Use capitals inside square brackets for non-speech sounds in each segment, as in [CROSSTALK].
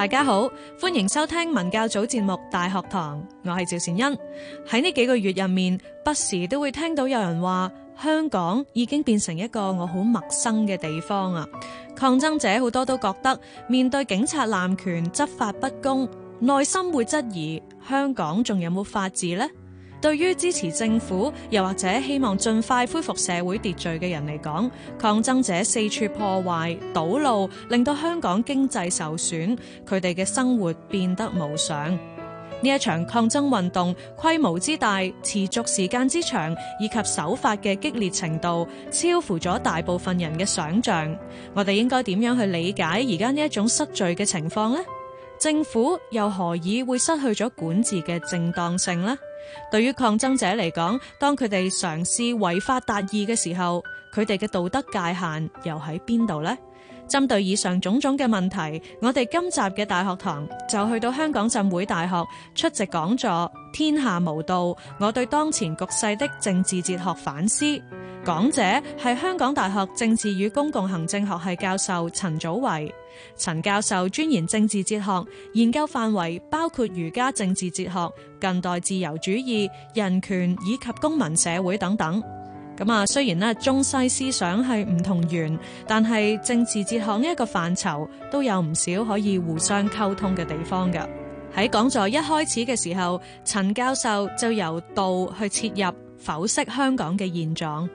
大家好，歡迎收聽文教組節目《大學堂》，我係趙善恩。喺呢幾個月入面，不時都會聽到有人話香港已經變成一個我好陌生嘅地方啊！抗爭者好多都覺得面對警察濫權、執法不公，內心會質疑：「香港仲有冇法治呢？」對於支持政府又或者希望盡快恢復社會秩序嘅人嚟講，抗爭者四處破壞、堵路，令到香港經濟受損，佢哋嘅生活變得無常。呢一場抗爭運動規模之大、持續時間之長以及手法嘅激烈程度，超乎咗大部分人嘅想象。我哋應該點樣去理解而家呢一種失序嘅情況呢？政府又何以會失去咗管治嘅正當性呢？對於抗爭者嚟講，當佢哋嘗試違法達義嘅時候，佢哋嘅道德界限，又喺邊度呢？針對以上種種嘅問題，我哋今集嘅大學堂就去到香港浸會大學出席講座。天下無道，我對當前局勢的政治哲學反思。講者係香港大學政治與公共行政學系教授陳祖為。陳教授專研政治哲學，研究範圍包括儒家政治哲學、近代自由主義、人權以及公民社會等等。咁啊，雖然呢中西思想係唔同源，但係政治哲學呢一個範疇都有唔少可以互相溝通嘅地方噶。喺講座一開始嘅時候，陳教授就由道去切入，剖析香港嘅現狀。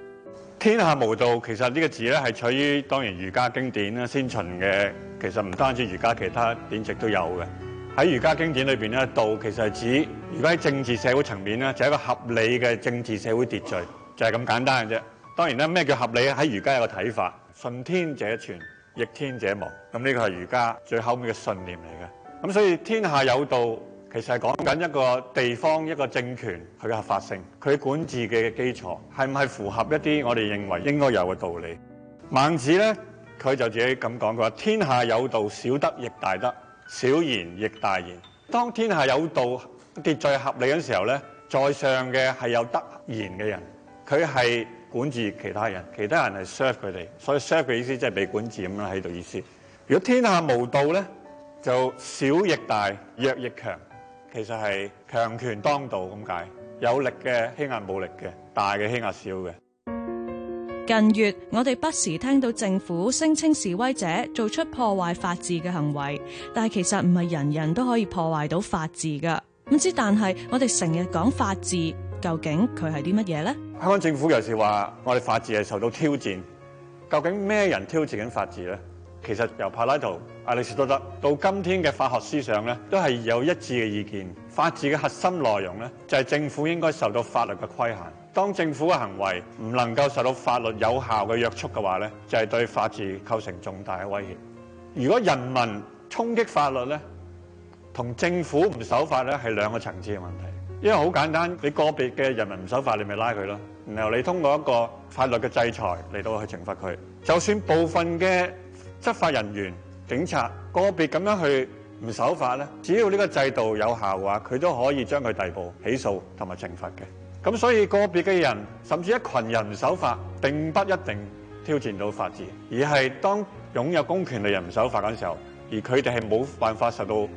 天下無道，其實呢個字咧係取於當然儒家經典啦，先秦嘅其實唔單止儒家，其他典籍都有嘅。喺儒家經典裏邊咧，道其實係指如果喺政治社會層面咧，就係一個合理嘅政治社會秩序，就係咁簡單嘅啫。當然啦，咩叫合理咧？喺儒家有個睇法，順天者存，逆天者亡。咁呢個係儒家最後面嘅信念嚟嘅。咁所以天下有道。其實係講緊一個地方一個政權佢嘅合法性，佢管治嘅基礎係唔係符合一啲我哋認為應該有嘅道理？孟子咧，佢就自己咁講，佢話天下有道，小德亦大德，小賢亦大賢。當天下有道，秩序合理嘅時候咧，在上嘅係有德言嘅人，佢係管治其他人，其他人係 serve 佢哋。所以 serve 嘅意思即係被管治咁樣，喺度意思。如果天下無道咧，就小亦大，弱亦強。其實係強權當道咁解，有力嘅欺壓，冇力嘅，大嘅欺壓，少嘅。近月我哋不時聽到政府聲稱示威者做出破壞法治嘅行為，但係其實唔係人人都可以破壞到法治噶。唔知但係我哋成日講法治，究竟佢係啲乜嘢咧？香港政府有時話我哋法治係受到挑戰，究竟咩人挑戰緊法治咧？其實由柏拉圖、亞里士多德到今天嘅法學思想咧，都係有一致嘅意見。法治嘅核心內容咧，就係政府應該受到法律嘅規限。當政府嘅行為唔能夠受到法律有效嘅約束嘅話咧，就係對法治構成重大嘅威脅。如果人民衝擊法律咧，同政府唔守法咧，係兩個層次嘅問題。因為好簡單，你個別嘅人民唔守法，你咪拉佢咯，然後你通過一個法律嘅制裁嚟到去懲罰佢。就算部分嘅。執法人員警察個別咁樣去唔守法咧，只要呢個制度有效嘅話，佢都可以將佢逮捕、起訴同埋懲罰嘅。咁所以個別嘅人甚至一群人唔守法，並不一定挑戰到法治，而係當擁有公權力人唔守法嗰時候，而佢哋係冇辦法受到有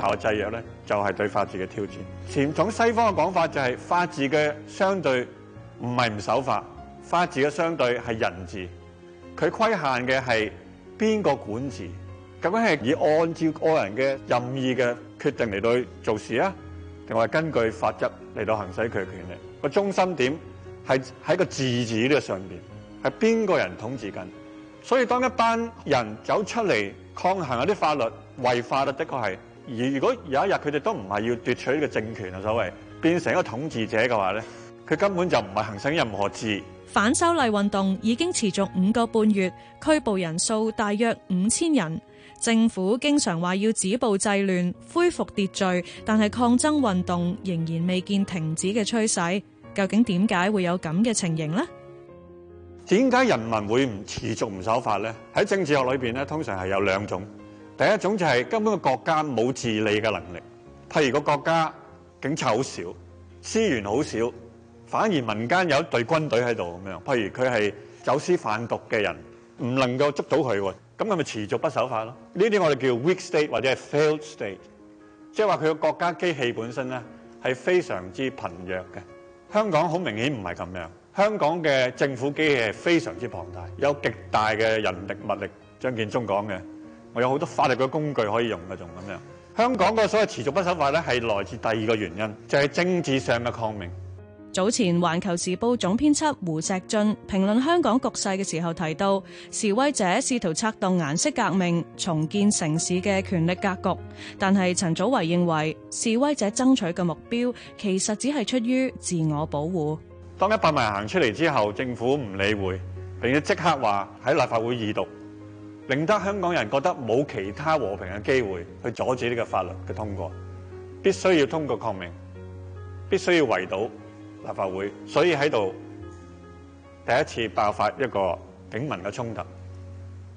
效嘅制約咧，就係對法治嘅挑戰。傳統西方嘅講法就係法治嘅相對唔係唔守法，法治嘅相對係人治，佢規限嘅係。邊個管治？咁樣係以按照個人嘅任意嘅決定嚟到做事啊？定係根據法則嚟到行使佢嘅權力？個中心點係喺個「治」字呢個上面，係邊個人統治緊？所以當一班人走出嚟抗衡一啲法律違法律，法律的確係。而如果有一日佢哋都唔係要奪取呢個政權啊，所謂變成一個統治者嘅話咧，佢根本就唔係行使任何治。反修例運動已經持續五個半月，拘捕人數大約五千人。政府經常話要止暴制亂、恢復秩序，但係抗爭運動仍然未見停止嘅趨勢。究竟點解會有咁嘅情形呢？點解人民會唔持續唔守法呢？喺政治學裏邊咧，通常係有兩種。第一種就係根本個國家冇治理嘅能力，譬如個國家警察好少，資源好少。反而民間有一隊軍隊喺度咁樣，譬如佢係走私販毒嘅人，唔能夠捉到佢喎，咁佢咪持續不守法咯？呢啲我哋叫 weak state 或者係 failed state，即係話佢嘅國家機器本身咧係非常之貧弱嘅。香港好明顯唔係咁樣，香港嘅政府機器係非常之龐大，有極大嘅人力物力。張建宗講嘅，我有好多法律嘅工具可以用嘅，仲咁樣。香港嘅所謂持續不守法咧，係來自第二個原因，就係政治上嘅抗命。早前《環球時報》總編輯胡錫進評論香港局勢嘅時候提到，示威者試圖策動顏色革命，重建城市嘅權力格局。但係陳祖為認為，示威者爭取嘅目標其實只係出於自我保護。當一百萬人行出嚟之後，政府唔理會，並且即刻話喺立法會二讀，令得香港人覺得冇其他和平嘅機會去阻止呢個法律嘅通過，必須要通過抗命，必須要圍堵。立法會，所以喺度第一次爆發一個警民嘅衝突，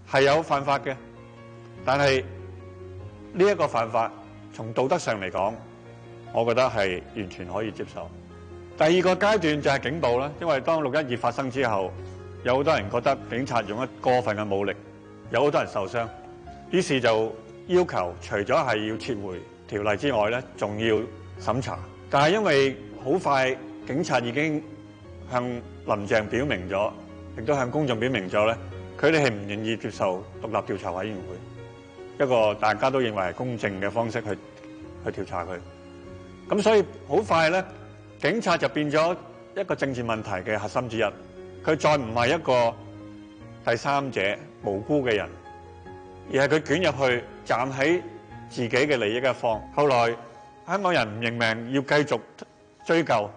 係有犯法嘅，但係呢一個犯法，從道德上嚟講，我覺得係完全可以接受。第二個階段就係警暴啦，因為當六一二發生之後，有好多人覺得警察用咗過分嘅武力，有好多人受傷，於是就要求除咗係要撤回條例之外咧，仲要審查。但係因為好快。警察已經向林鄭表明咗，亦都向公眾表明咗咧，佢哋係唔願意接受獨立調查委員會，一個大家都認為係公正嘅方式去去調查佢。咁所以好快咧，警察就變咗一個政治問題嘅核心之一。佢再唔係一個第三者，無辜嘅人，而係佢捲入去，站喺自己嘅利益一方。後來香港人唔認命，要繼續追究。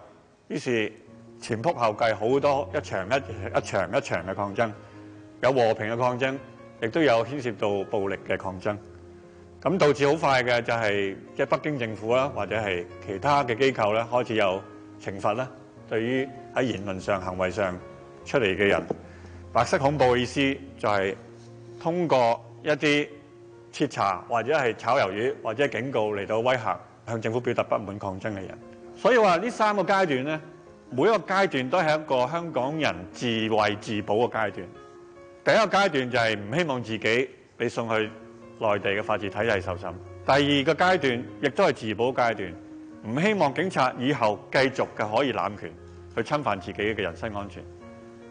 於是前仆後繼，好多一場一場一場一場嘅抗爭，有和平嘅抗爭，亦都有牽涉到暴力嘅抗爭。咁導致好快嘅就係即北京政府啦，或者係其他嘅機構咧，開始有懲罰啦，對於喺言論上、行為上出嚟嘅人。白色恐怖嘅意思就係通過一啲徹查或者係炒魷魚或者警告嚟到威嚇向政府表達不滿抗爭嘅人。所以話呢三個階段咧，每一個階段都係一個香港人自衛自保嘅階段。第一個階段就係唔希望自己被送去內地嘅法治體系受審，第二個階段亦都係自保階段，唔希望警察以後繼續嘅可以濫權去侵犯自己嘅人身安全。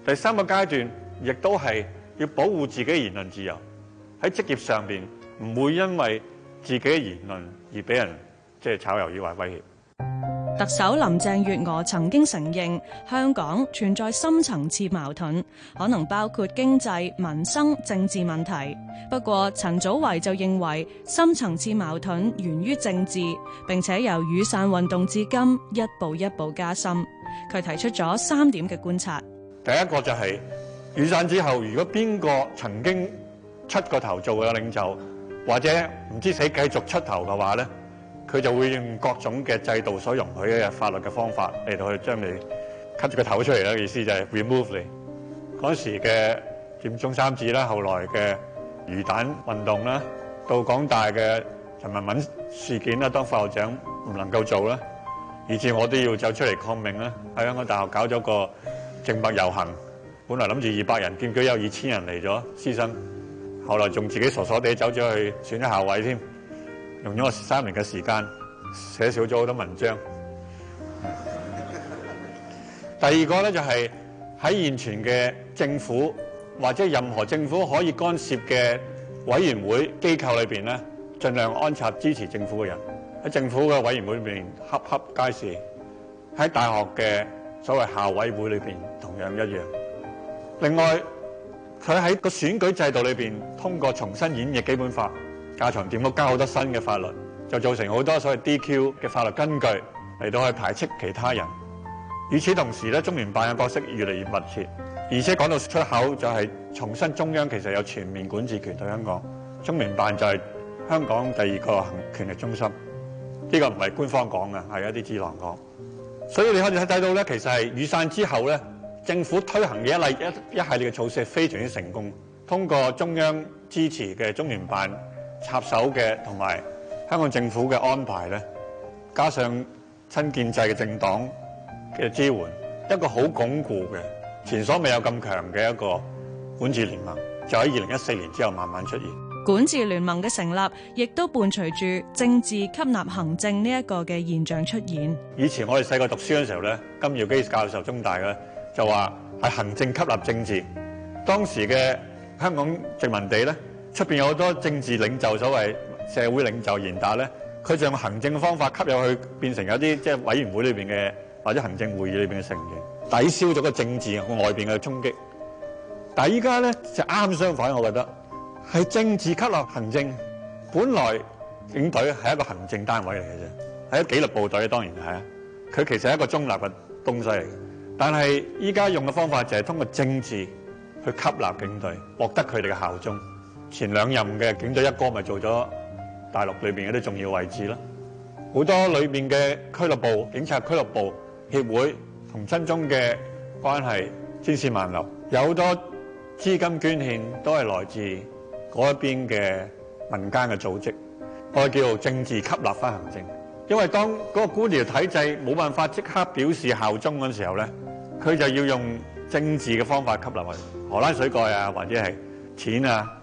第三個階段亦都係要保護自己嘅言論自由，喺職業上面唔會因為自己嘅言論而俾人即係、就是、炒魷魚或威脅。特首林鄭月娥曾經承認香港存在深層次矛盾，可能包括經濟、民生、政治問題。不過陳祖為就認為深層次矛盾源於政治，并且由雨傘運動至今一步一步加深。佢提出咗三點嘅觀察。第一個就係雨傘之後，如果邊個曾經出過頭做嘅領袖，或者唔知死繼續出頭嘅話咧？佢就會用各種嘅制度所容許嘅法律嘅方法嚟到去將你 cut 住個頭出嚟啦，意思就係 remove 你。嗰時嘅佔中三子啦，後來嘅魚蛋運動啦，到港大嘅陳文敏事件啦，當校長唔能夠做啦，以至我都要走出嚟抗命啦，喺香港大學搞咗個靜默遊行，本來諗住二百人，見到有二千人嚟咗，師生，後來仲自己傻傻地走咗去選咗校委添。用咗我三年嘅時間，寫少咗好多文章。 [LAUGHS] 第二個咧，就係、是、喺現存嘅政府或者任何政府可以干涉嘅委員會機構裏邊咧，盡量安插支持政府嘅人，喺政府嘅委員會裏面恰恰皆是，喺大學嘅所謂校委會裏邊同樣一樣。另外，佢喺個選舉制度裏邊通過重新演繹基本法。加長電路加好多新嘅法律，就造成好多所謂 DQ 嘅法律根據嚟到去排斥其他人。與此同時咧，中聯辦嘅角色越嚟越密切，而且講到出口就係、是、重申中央其實有全面管治權對香港，中聯辦就係香港第二個權力中心。呢、這個唔係官方講嘅，係一啲智囊講。所以你可以睇到咧，其實係雨傘之後咧，政府推行嘅一例一一系列嘅措施係非常之成功，通過中央支持嘅中聯辦。插手嘅同埋香港政府嘅安排咧，加上親建制嘅政黨嘅支援，一個好鞏固嘅、前所未有咁強嘅一個管治聯盟，就喺二零一四年之後慢慢出現。管治聯盟嘅成立，亦都伴隨住政治吸納行政呢一個嘅現象出現，以前我哋細個讀書嘅時候咧，金耀基教授中大嘅就話，係行政吸納政治。當時嘅香港殖民地咧。出面有好多政治領袖，所謂社會領袖賢達咧，佢就用行政嘅方法吸入去，變成有啲即係委員會裏邊嘅或者行政會議裏邊嘅成員，抵消咗個政治外邊嘅衝擊。但係依家咧就啱相反，我覺得係政治吸納行政。本來警隊係一個行政單位嚟嘅啫，係一個紀律部隊當然係啊，佢其實係一個中立嘅東西嚟嘅。但係依家用嘅方法就係通過政治去吸納警隊，獲得佢哋嘅效忠。前兩任嘅警隊一哥咪做咗大陸裏邊嗰啲重要位置咯。好多裏邊嘅俱、俱樂部、警察俱樂部協會同親中嘅關係千絲萬縷。有好多資金捐獻都係來自嗰一邊嘅民間嘅組織。我哋叫做政治吸納翻行政，因為當嗰個官僚體制冇辦法即刻表示效忠嗰陣時候咧，佢就要用政治嘅方法吸納去荷蘭水蓋啊，或者係錢啊。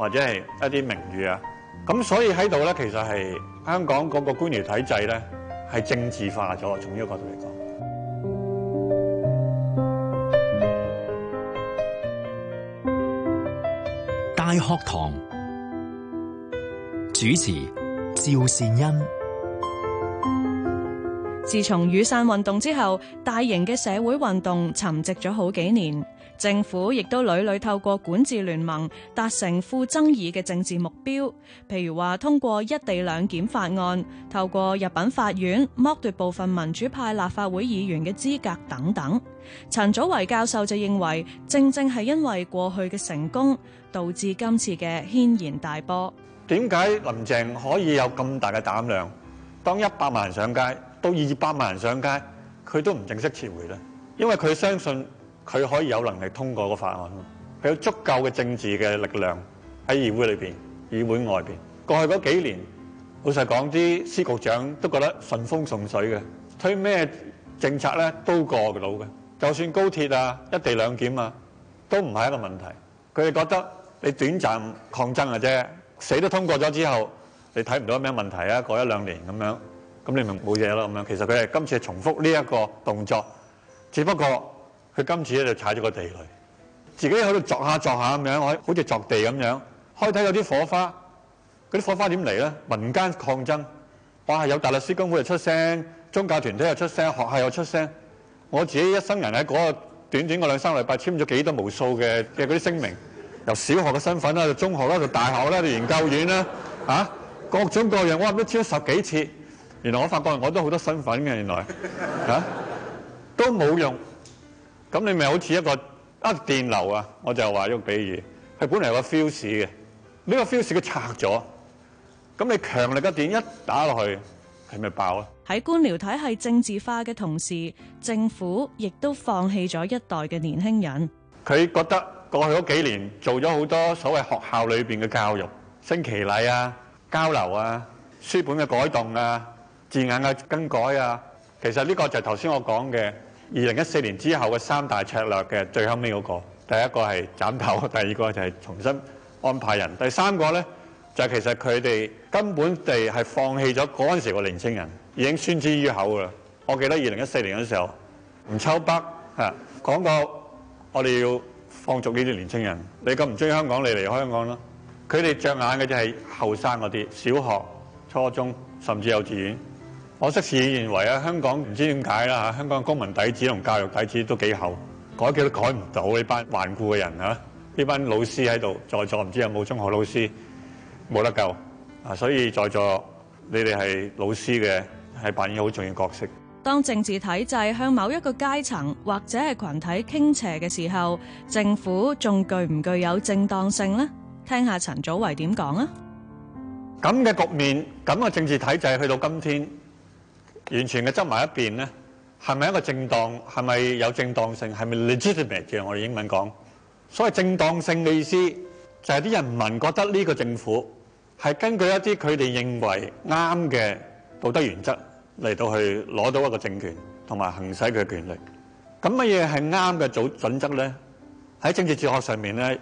或者係一啲名譽啊，咁所以喺度咧，其實係香港嗰個官僚體制咧，係政治化咗。從呢個角度嚟講，大學堂主持趙善恩。自從雨傘運動之後，大型嘅社會運動沉寂咗好幾年。政府亦都屢屢透過管治聯盟達成富爭議嘅政治目標，譬如話通過一地兩檢法案，透過入稟法院剝奪部分民主派立法會議員嘅資格等等。陳祖為教授就認為，正正係因為過去嘅成功，導致今次嘅軒然大波。點解林鄭可以有咁大嘅膽量，當一百萬人上街到二百萬人上街，佢都唔正式撤回咧？因為佢相信。佢可以有能力通過個法案，佢有足夠嘅政治嘅力量喺議會裏邊、議會外邊。過去嗰幾年，老實講，啲司局長都覺得順風順水嘅，推咩政策咧都過到嘅。就算高鐵啊、一地兩檢啊，都唔係一個問題。佢哋覺得你短暫抗爭呀啫，死都通過咗之後，你睇唔到咩問題啊？過一兩年咁樣，咁你咪冇嘢咯咁樣。其實佢係今次係重複呢一個動作，只不過。佢今次咧就踩咗個地雷，自己喺度鑿下鑿下咁樣，我好似鑿地咁樣，開睇有啲火花。嗰啲火花點嚟咧？民間抗爭，哇！係有大律師公會又出聲，宗教團體又出聲，學校又出聲。我自己一生人喺嗰個短短嗰兩三個禮拜簽咗幾多無數嘅嘅嗰啲聲明，由小學嘅身份啦，就中學啦，就大學啦，到研究院啦，嚇、啊、各種各樣，我諗都簽咗十幾次。原來我發覺我都好多身份嘅，原來嚇都冇用。咁你咪好似一個啊電流啊，我就話用比喻，佢本嚟有個 fuse 嘅，呢個 fuse 佢拆咗，咁你強力嘅電一打落去，係咪爆啊？喺官僚體系政治化嘅同時，政府亦都放棄咗一代嘅年輕人。佢覺得過去嗰幾年做咗好多所謂學校裏面嘅教育、升旗禮啊、交流啊、書本嘅改動啊、字眼嘅更改啊，其實呢個就係頭先我講嘅。二零一四年之後嘅三大策略嘅最後尾嗰個，第一個係斬頭，第二個就係重新安排人，第三個呢，就係、其實佢哋根本地係放棄咗嗰陣時個年青人，已經宣之於口噶啦。我記得二零一四年嗰陣時候，吳秋北啊講過：我哋要放逐呢啲年青人，你咁唔中意香港，你離開香港啦。佢哋着眼嘅就係後生嗰啲小學、初中甚至幼稚園。我其實認為啊，香港唔知點解啦吓，香港公民底子同教育底子都幾厚，改幾都改唔到呢班頑固嘅人啊，呢班老師喺度在座，唔知有冇中學老師？冇得救啊，所以在座你哋係老師嘅，係扮演好重要角色。完全嘅執埋一邊咧，係咪一個正當？係咪有正當性？係咪 legitimate 嘅？我哋英文講，所謂正當性嘅意思，就係、是、啲人民覺得呢個政府係根據一啲佢哋認為啱嘅道德原則嚟到去攞到一個政權，同埋行使佢嘅權力。咁乜嘢係啱嘅組準則咧？喺政治哲學上面咧？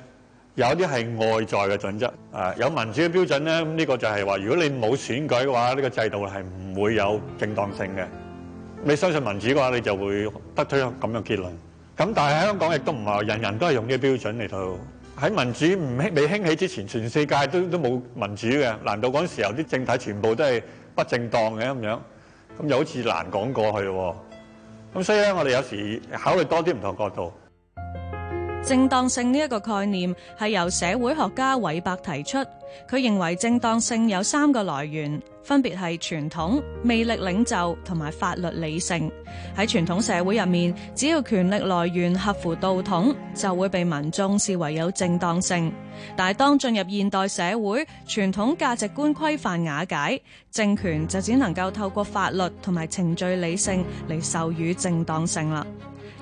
有啲係外在嘅準則，啊有民主嘅標準咧，咁呢個就係話，如果你冇選舉嘅話，呢個制度係唔會有正當性嘅。你相信民主嘅話，你就會得出咁樣結論。咁但係香港亦都唔係人人都係用呢個標準嚟到。喺民主唔未興起之前，全世界都都冇民主嘅。難道嗰陣時候啲政體全部都係不正當嘅咁樣？咁又好似難講過去喎。咁所以咧，我哋有時考慮多啲唔同角度。正當性呢一個概念係由社會學家韋伯提出，佢認為正當性有三個來源，分別係傳統、魅力領袖同埋法律理性。喺傳統社會入面，只要權力來源合乎道統，就會被民眾視為有正當性。但係當進入現代社會，傳統價值觀規範瓦解，政權就只能夠透過法律同埋程序理性嚟授予正當性啦。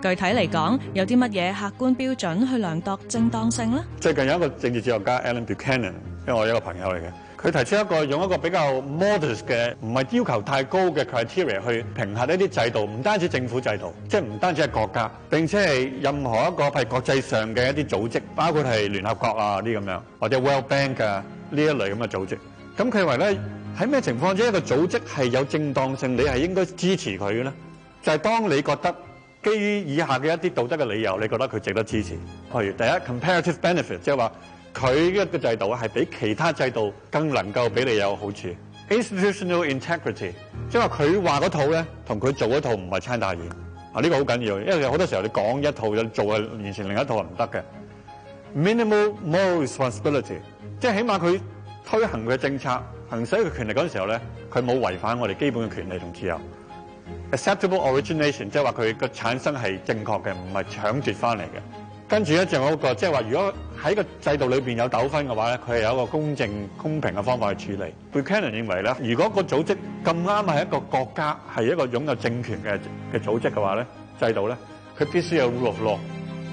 具體嚟講，有啲乜嘢客觀標準去量度正當性咧？最近有一個政治哲學家 Alan Buchanan，因為我一個朋友嚟嘅，佢提出一個用一個比較 modest 嘅，唔係要求太高嘅 criteria 去評核一啲制度，唔單止政府制度，即係唔單止係國家，並且係任何一個係國際上嘅一啲組織，包括係聯合國啊啲咁樣，或者 World Bank 嘅呢一類咁嘅組織。咁佢話咧，喺咩情況之下，一個組織係有正當性，你係應該支持佢嘅咧？就係當你覺得，基於以下嘅一啲道德嘅理由，你覺得佢值得支持？譬如第一，comparative benefit，即係話佢一個制度係比其他制度更能夠俾你有好處；institutional integrity，即係話佢話嗰套咧同佢做嗰套唔係差太遠。啊，呢個好緊要，因為好多時候你講一套又做係完全另一套係唔得嘅。minimal moral responsibility，即係起碼佢推行佢嘅政策、行使佢權力嗰陣時候咧，佢冇違反我哋基本嘅權利同自由。acceptable origination 即係話佢個產生係正確嘅，唔係搶奪翻嚟嘅。跟住咧仲有一個，即係話如果喺個制度裏邊有糾紛嘅話咧，佢係有一個公正公平嘅方法去處理。Buchanan 認為咧，如果個組織咁啱係一個國家係一個擁有政權嘅嘅組織嘅話咧，制度咧佢必須有 rule of law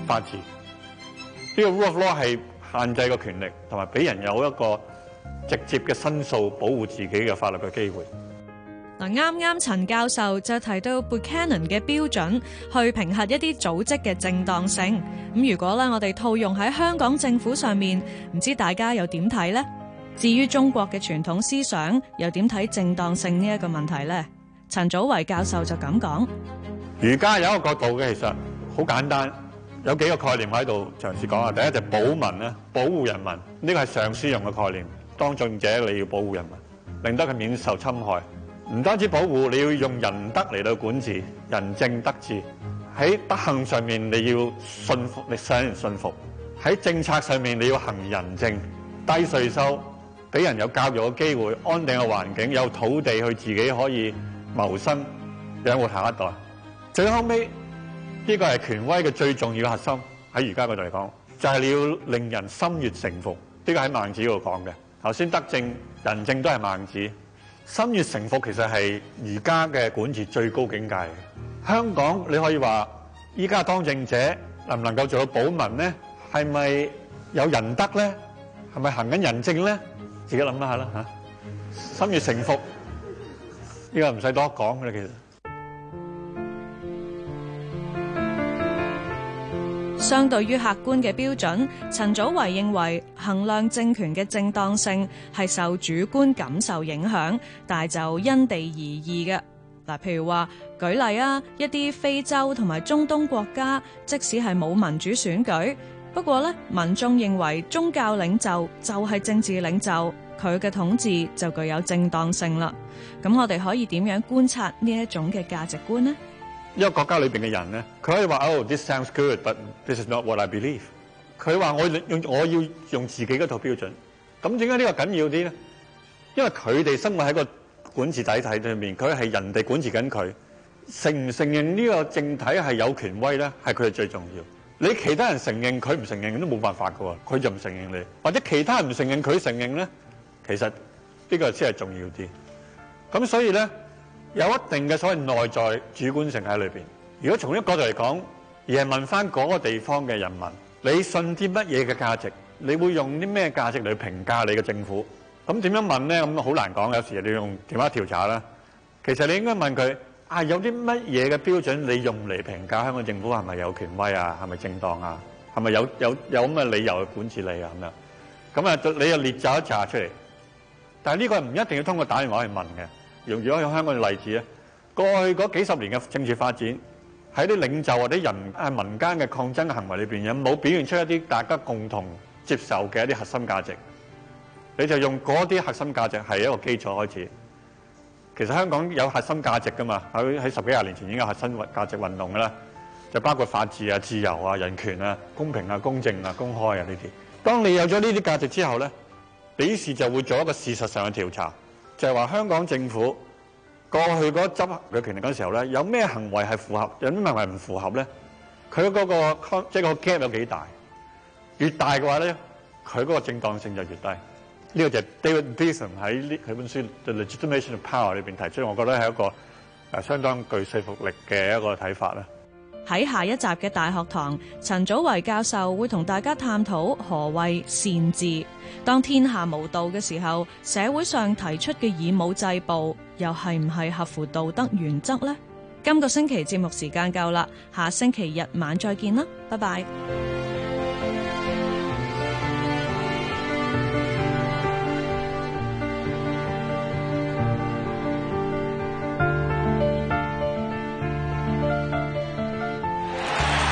法治。呢個 rule of law 係限制個權力，同埋俾人有一個直接嘅申訴保護自己嘅法律嘅機會。啱啱陳教授就提到布坎南嘅標準去評核一啲組織嘅正當性。咁如果咧，我哋套用喺香港政府上面，唔知大家又點睇呢？至於中國嘅傳統思想又點睇正當性呢一個問題呢，陳祖為教授就咁講：儒家有一個角度嘅，其實好簡單，有幾個概念喺度嘗試講下。第一就係保民，保護人民，呢個係尚書用嘅概念，當政者你要保護人民，令得佢免受侵害。唔單止保護，你要用仁德嚟到管治，仁政德治。喺德行上面，你要信服，你使人信服；喺政策上面，你要行仁政，低稅收，俾人有教育嘅機會，安定嘅環境，有土地去自己可以謀生，養活下一代。最後尾呢、這個係權威嘅最重要嘅核心。喺而家嗰度嚟講，就係、是、你要令人心悅誠服。呢、這個喺孟子嗰度講嘅。頭先德政、仁政都係孟子。心悅誠服其實係而家嘅管治最高境界。香港你可以話，依家當政者能唔能夠做到保民咧？係咪有仁德咧？係咪行緊仁政咧？自己諗一下啦嚇。心悅誠服，呢、這個唔使多講嘅啦，其實。相對於客觀嘅標準，陳祖為認為衡量政權嘅正當性係受主觀感受影響，但就因地而異嘅。嗱，譬如話舉例啊，一啲非洲同埋中東國家，即使係冇民主選舉，不過咧民眾認為宗教領袖就係政治領袖，佢嘅統治就具有正當性啦。咁我哋可以點樣觀察呢一種嘅價值觀呢？一個國家裏邊嘅人咧，佢可以話：Oh，this sounds good，but this is not what I believe。佢話，我用我要用自己嗰套標準。咁點解呢個緊要啲咧？因為佢哋生活喺個管治體系裏面，佢係人哋管治緊佢，承唔承認呢個政體係有權威咧，係佢哋最重要。你其他人承認佢唔承認，都冇辦法噶喎。佢就唔承認你，或者其他人唔承認佢承認咧，其實呢個先係重要啲。咁所以咧。有一定嘅所謂內在主觀性喺裏邊。如果從呢個角度嚟講，而係問翻嗰個地方嘅人民，你信啲乜嘢嘅價值？你會用啲咩價值嚟評價你嘅政府？咁點樣問咧？咁好難講。有時你用電話調查啦。其實你應該問佢：啊，有啲乜嘢嘅標準你用嚟評價香港政府係咪有權威啊？係咪正當啊？係咪有有有咁嘅理由去管治你啊？咁樣咁啊，你又列咗一查出嚟。但係呢個唔一定要通過打電話去問嘅。如果用住香港嘅例子咧，過去嗰幾十年嘅政治發展，喺啲領袖或者人民間嘅抗爭行為裏面，有冇表現出一啲大家共同接受嘅一啲核心價值？你就用嗰啲核心價值係一個基礎開始。其實香港有核心價值噶嘛？喺喺十幾廿年前已經有核心價值運動啦，就包括法治啊、自由啊、人權啊、公平啊、公正啊、公開啊呢啲。當你有咗呢啲價值之後咧，比時就會做一個事實上嘅調查。就係、是、話香港政府過去執執佢權力時候咧，有咩行為係符合，有啲行為係唔符合咧？佢、那個即係 gap 有幾大？越大嘅話咧，佢個正當性就越低。呢、這個就係 David Beetham 喺呢佢本書《The Legitimation of Power》裏邊提出，我覺得係一個誒相當具說服力嘅一個睇法啦。喺下一集嘅大學堂，陳祖為教授會同大家探討何謂善治。當天下無道嘅時候，社會上提出嘅以武制暴，又係唔係合乎道德原則呢？今個星期節目時間夠啦，下星期日晚再見啦，拜拜。